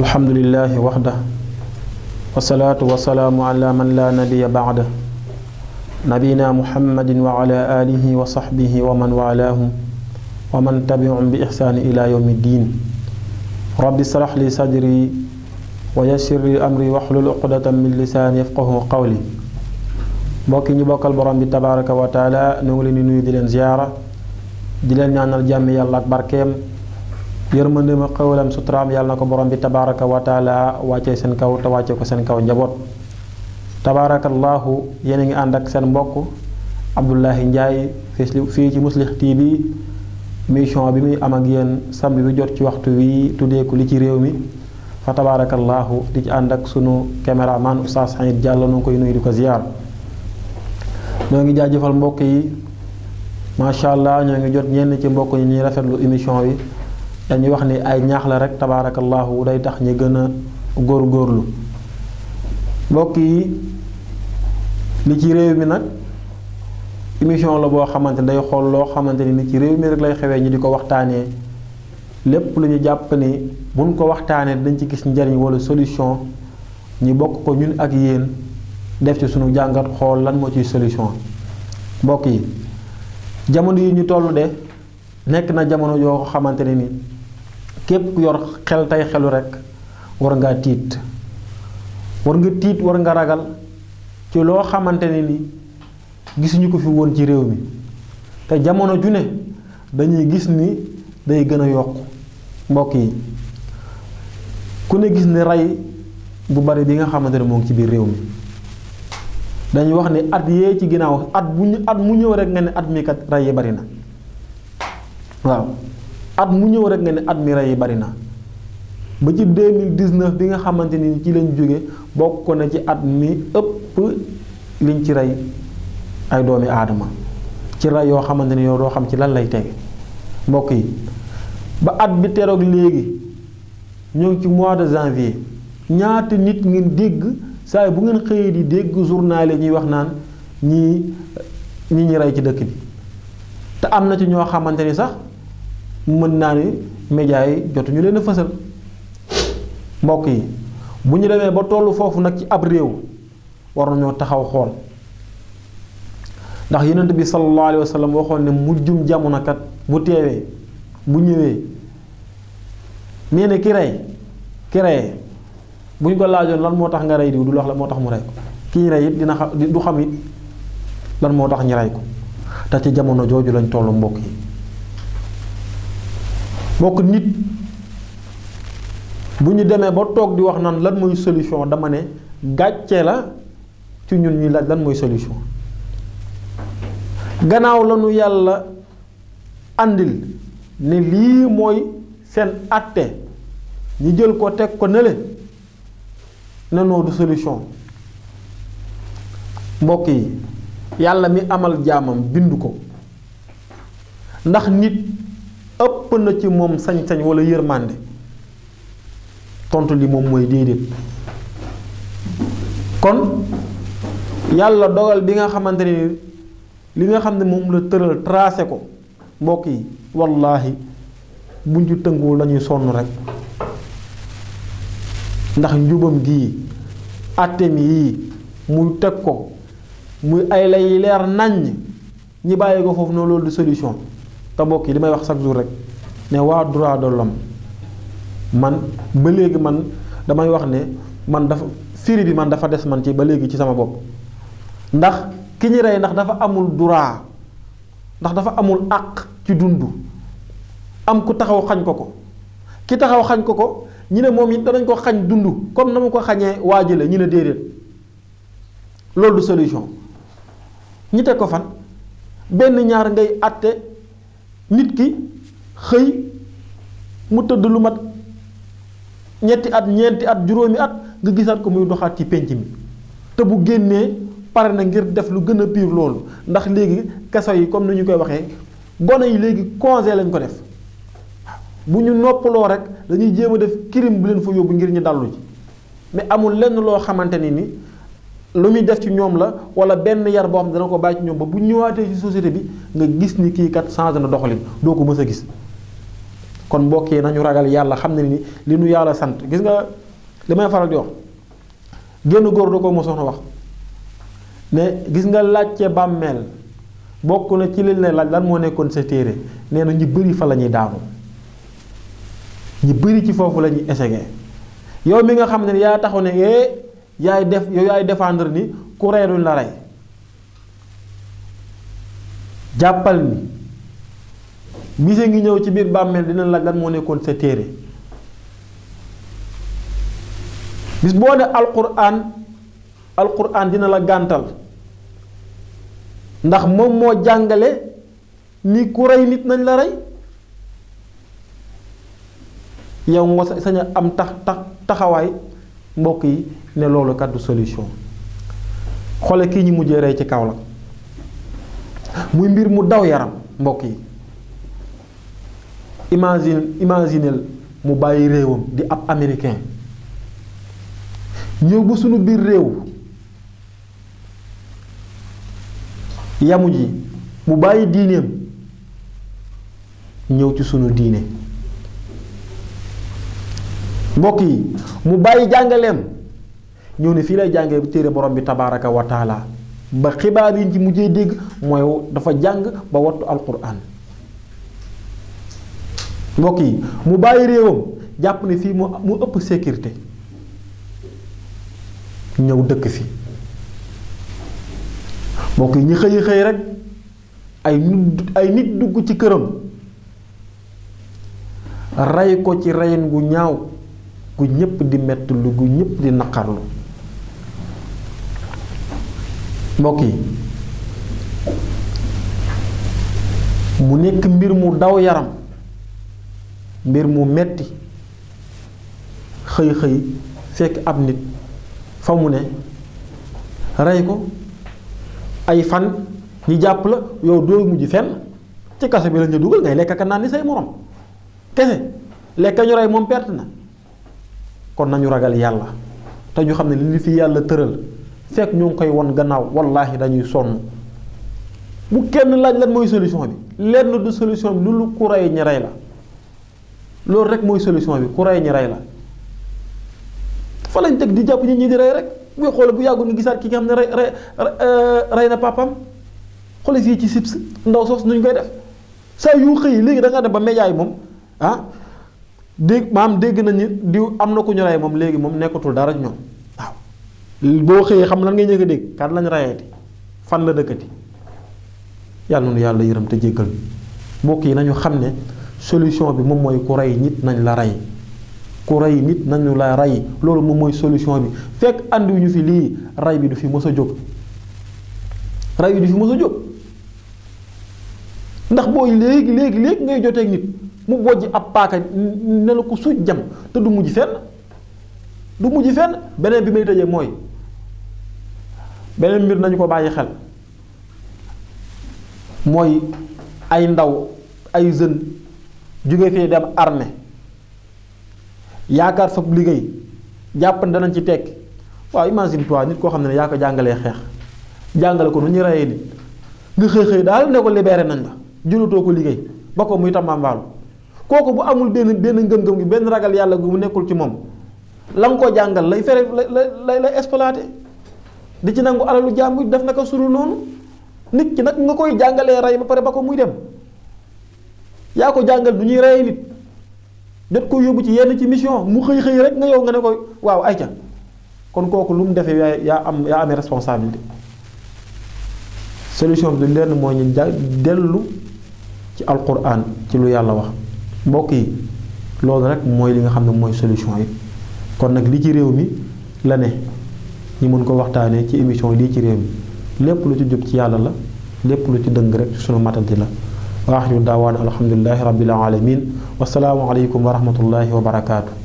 alhamdulillahi waxda wasalaatu wasalaamu ala man laa nabiya baada nabina muhammadin wa ala alihi wa saxbihi wa man waalaahu wa man tabiahum bi ixsaani ila yowmi diin rabbi sarax li sadri wa yassir li amri waxlul uqdatan min lisaani yafqahu qawli mbokki ñu bokkal borom bi tabaraka wa taala ñu ngi leen di nuyu di leen ziyaara di leen ñaanal jàmm yàlla ak barkeem yërmande ma xewalam suturaam yàlla na ko borom bi tabaaraka wa taala wàccee seen kaw te wàccee ko seen kaw njaboot tabaarakallaahu yéen a ngi ànd ak seen mbokk Abdoulaye Ndiaye fii ci Mouslih TV mission bi muy am ak yéen samedi bi jot ci waxtu wi tuddee li ci réew mi fa tabaarakallaahu di ci ànd ak sunu caméraman Oustaz Saïd Diallo nu koy nuyu di ko ziyaar ñoo ngi jaajëfal mbokk yi macha allah ñoo ngi jot ñenn ci mbokk ñi ñuy rafetlu émission bi. dañuy wax ni ay ñaax la rek tabaarakallaahu day tax ñi gën a góor góorlu mbokk yi li ci réew mi nag émission la boo xamante ni day xool loo xamante ni ci réew mi rek lay xewee ñu di ko waxtaanee lépp lu ñu jàpp ni buñ ko waxtaanee dañ ci gis njariñ wala solution ñi bokk ko ñun ak yéen def ci sunu jàngat xool lan moo ciy solution mbokk yi jamono yi ñu toll de nekk na jamono yoo xamante ne nii képp ku yor xel tey xelu rekk war ngaa tiit war nga tiit war nga ragal ci loo xamante ne ni gisuñu ko fi woon ci réew mi te jamono ju ne dañuy gis ni day gën a yokk mbokk yi ku ne gis ne rey bu bari bi nga xamante ne moom ci biir réew mi dañuy wax ni at yee ci ginnaaw at bu at mu ñëw rek nga ne at mi kat rey yi bari na waaw at mu ñëw rek nga ne admira yi bari na ba ci 2019 bi nga xamante ni ci lañ jóge bokk na ci at mi ëpp liñ ci rey ay doomi aadama ci rey yoo xamante ni yow doo xam ci lan lay tege mbokk yi ba at bi teroog léegi ñoo ngi ci mois de janvier ñaata nit ngeen dégg saa bu ngeen xëyee di dégg journal yi ñuy wax naan ñii ñi ñi rey ci dëkk bi te am na ci ñoo xamante ni sax mën naa ni médias yi jotuñu leen a mbokk yi bu ñu demee ba tollu foofu nag ci ab réew war nañoo taxaw xool ndax yonent bi sallallahu alayhi wa sallam waxoon ne mujjum jamono kat bu teewee bu ñëwee nee ne ki rey ki reyee bu ñu ko laajoon lan moo tax nga rey diw du wax la moo tax mu rey ko ki ñu rey it dina xam du xam it lan moo tax ñu rey ko te ci jamono jooju lañ tollu mbokk yi. moo nit bu ñu demee ba toog di wax nan lan mooy solution dama ne gàcce la ci ñun ñuy la lan mooy solution gannaaw lañu yàlla andil ne lii mooy seen àtte ñu jël ko teg ko nële nenoo du solution mbokk yi yàlla mi amal jaamam bind ko ndax nit ëpp na ci moom sañ-sañ wala yërmande tontu lii moom mooy déedéet kon yàlla dogal bi nga xamante ni li nga xam ne moom la tëral tracé ko mbokk yi wallaahi buñ ci tënguwul dañuy sonn rek ndax njubam gii àtteem yii muy teg ko muy ay lay leer naññ ñi bàyyi ko foofu noonu loolu du solution te bokk yi li may wax chaque jour rek ne waa droit de l'homme man ba léegi man damay wax ne man dafa firi bi man dafa des man ci ba léegi ci sama bopp ndax ki ñu rey ndax dafa amul droit ndax dafa amul àq ci dund am ku taxaw xañ ko ko ki taxaw xañ ko ko ñu ne moom it danañ ko xañ dund comme na ko xañee waa jële ñu ne déedéet loolu du solution ñi ko fan benn ñaar ngay àtte nit ki xëy mu tëdd lu mat ñetti at ñeenti at juróomi at nga gisaat ko muy doxaat ci pénc mi te bu génnee pare na ngir def lu gën a pire loolu ndax léegi keso yi comme ni ñu koy waxee gone yi léegi congé lañ ko def bu ñu noppaloo rek dañuy jéem a def crime bu leen fa yóbbu ngir ñu dallu mais amul lenn loo xamante ni nii lu muy def ci ñoom la wala benn yar boo xam ne dana ko bàyyi ci ñoom ba bu ñëwaatee ci société bi nga gis ni kii kat changé na doxalin doo ko mës a gis kon mbokk yi nañu ragal yàlla xam ne ni li nu yàlla sant gis nga li may faral di wax génn góor da ko mosoon a wax mais gis nga laajte bàmmeel bokk na ci liñ lay laaj lan moo nekkoon sa téere nee na ñi bëri fa la ñuy daanu ñu bëri ci foofu lañuy ñuy yow mi nga xam ne yaa taxaw ne eh, yaay def yow yaay défendre ni ku ree duñ la rey jàppal ni mise ngi ñëw ci biir bàmmeel dina la lan moo nekkoon sa téere bis boo ne alquran alquran dina la gàntal ndax moom moo jàngale ni ku rey nit nañ la rey yow nga sañ am tax tax taxawaay mbokk yi ne loolu kàddu solution xoole ki ñu mujjee rey ci kaw la muy mbir mu daw yaram mbokk yi imagine imaginel mu bàyyi réewam di ab américain ñëw ba sunu biir réew yamu ji mu bàyyi diineem ñëw ci sunu diine mbokk yi mu bàyyi jàngaleem ñëw ne fii lay jàngee téere borom bi tabaaraka wa ba xibaar yi ci mujjee dégg mooy dafa jàng ba wattu alquran mbokk yi mu bàyyi réewam jàpp ni fii mu ëpp sécurité ñëw dëkk fi mbokk yi ñu xëy xëy rek ay nit ay nit dugg ci këram rey ko ci reyin gu ñaaw gu ñépp di mett lu gu ñépp di naqarlu mbokk yi mu nekk mbir mu daw yaram mbir mu metti xëy xëy fekk ab nit fa mu ne rey ko ay fan ñi jàpp la yow doo mujj fenn ci kaso bi la ñu dugal ngay lekk ak naan ni say morom kese lekk ñu rey moom perte na kon nañu ragal yàlla te ñu xam ne li fi yàlla tëral fekk ñu ngi koy won gannaaw wallaahi dañuy sonn bu kenn laaj lan mooy solution bi lenn du solution bi lu lu ku rey ñi rey la loolu rek mooy solution bi ku rey ñi rey la fa lañu teg di jàpp nit ñi di rey rek buy xool bu yàggul nga gisaat ki nga xam ne rey rey rey na papam xooli si ci sibs ndaw soos nuñ koy def saa yu xëy léegi da nga dem ba média yi moom ah dégg maam dégg nañu diw am na ku ñu rey moom léegi moom nekkatul dara ñoom. boo xëyee xam lan ngay njëkk a dégg kan lañ rayeeti fan la dëkkati yàlla na nu yàlla yërëm te jéggal mbokk yi nañu xam ne solution bi moom mooy ku rey nit nañ la ray ku rey nit nañu la ray loolu moom mooy solution bi fekk andiwuñu fi lii ray bi du fi mës a jóg ray bi du fi mës a jóg ndax booy léegi léegi léegi ngay joteeg nit mu bojj ab paaka ne ko suuj jam te du mujj fenn du mujj fenn beneen bi may tëjee mooy beneen mbir nañu ko bàyyi xel mooy ay ndaw ay jeunes jóge fii dem armée yaakaar fab liggéey jàpp ne ci tekki waaw imagine toi nit koo xam ne yaa ko jàngalee xeex jàngale ko nu ñuy rayee nit nga xëy xëy daal ne ko libéré nañ la jëlatoo ko liggéey ba ko muy tambaambaalu kooku bu amul benn benn ngëm-ngëm gi benn ragal yàlla gu mu nekkul ci moom la nga ko jàngal lay fere lay lay lay exploité di ci nangu alalu jàmbur def naka suru noonu nit ki nag nga koy jàngalee rey ba pare ba ko muy dem yaa ko jàngal du ñuy rey nit jot ko yóbbu ci yenn ci mission mu xëy xëy rek nga yow nga ne ko waaw ayca kon kooku lu mu defee yaa yaa am yaa amee responsabilité solution bi du lenn mooy ñu ja dellu ci alquran ci lu yàlla wax mbokk yi loolu rek mooy li nga xam ne mooy solution yi kon nag li ci réew mi la ne. ñu mën ko waxtaanee ci émission lii ci réew mi lépp lu ci jub ci yàlla la lépp lu ci dëng rek sunu matante la waaxiru daawaan alhamdulilahi rabbil alamin wasalaamu aleykum wa rahmatullahi wa barakaatu